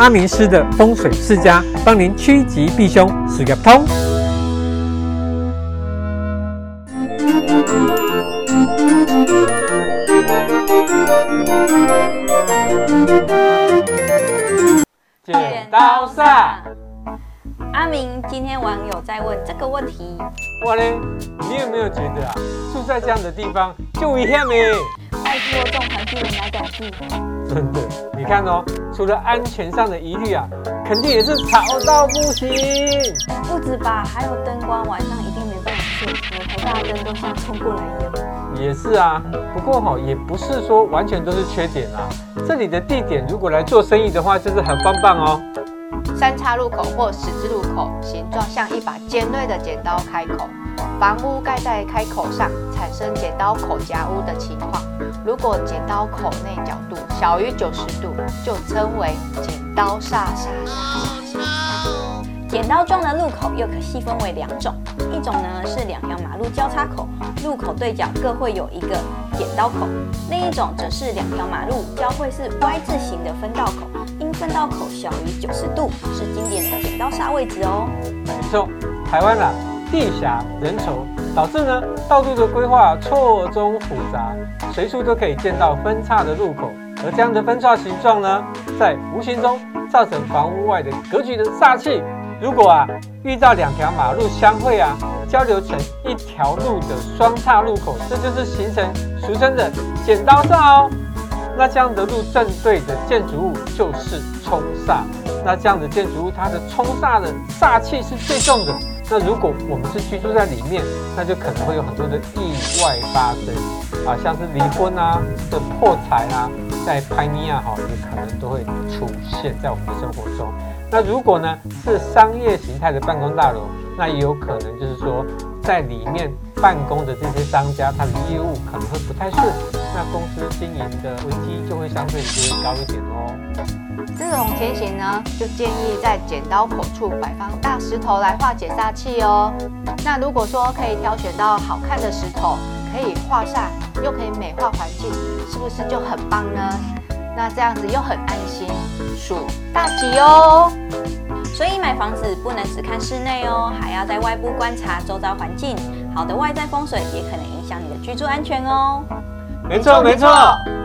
阿明師的風水世家，幫您趨吉避凶，是個通。剪刀煞、啊。阿明，今天網友在問這個問題，我咧，你有沒有覺得啊，住在這樣的地方就危險呢？啊？愛住我中環，嗯、真的，你看哦，除了安全上的疑慮啊，肯定也是吵到不行。欸、不止吧，還有燈光，晚上一定沒辦法睡，頭大燈都像衝過來一樣。也是啊，不過、哦、也不是說完全都是缺點啦。這裡的地點如果來做生意的話，就是很棒棒哦。三叉路口或十字路口，形狀像一把尖銳的剪刀開口。房屋蓋在開口上，產生剪刀口夾屋的情況。如果剪刀口內角度小於九十度，就稱為剪刀煞煞。剪刀狀的路口又可細分為兩種，一種呢，是兩條馬路交叉口，路口對角各會有一個剪刀口；另一種則是兩條馬路交匯是 Y 字型的分道口，因分道口小於九十度，是經典的剪刀煞位置哦。沒錯，台灣啊，地狹人稠，導致呢道路的規劃啊，錯綜複雜，隨處都可以見到分叉的路口。而這樣的分叉形狀呢，在無形中造成房屋外的格局的煞氣。如果啊遇到兩條馬路相會啊，交流成一條路的雙岔路口，這就是形成俗稱的剪刀煞哦。那這樣的路正對的建築物就是沖煞，那這樣的建築物它的沖煞的煞氣是最重的。那如果我們是居住在裡面，那就可能會有很多的意外發生啊，像是離婚啊、的破財啊，在拍尼啊，哈,也可能都會出現在我們的生活中。那如果呢是商業形態的辦公大樓，那也有可能就是說，在裡面辦公的這些商家，他的業務可能會不太順利。那公司經營的危機就會相對比高一點哦。這種情形呢，就建議在剪刀口處擺放大石頭來化解煞氣哦。那如果說可以挑選到好看的石頭，可以化煞又可以美化環境，是不是就很棒呢？那這樣子又很安心，屬大吉哦。所以買房子不能只看室內哦，還要在外部觀察周遭環境。好的外在風水也可能影響你的居住安全哦。沒錯，沒錯。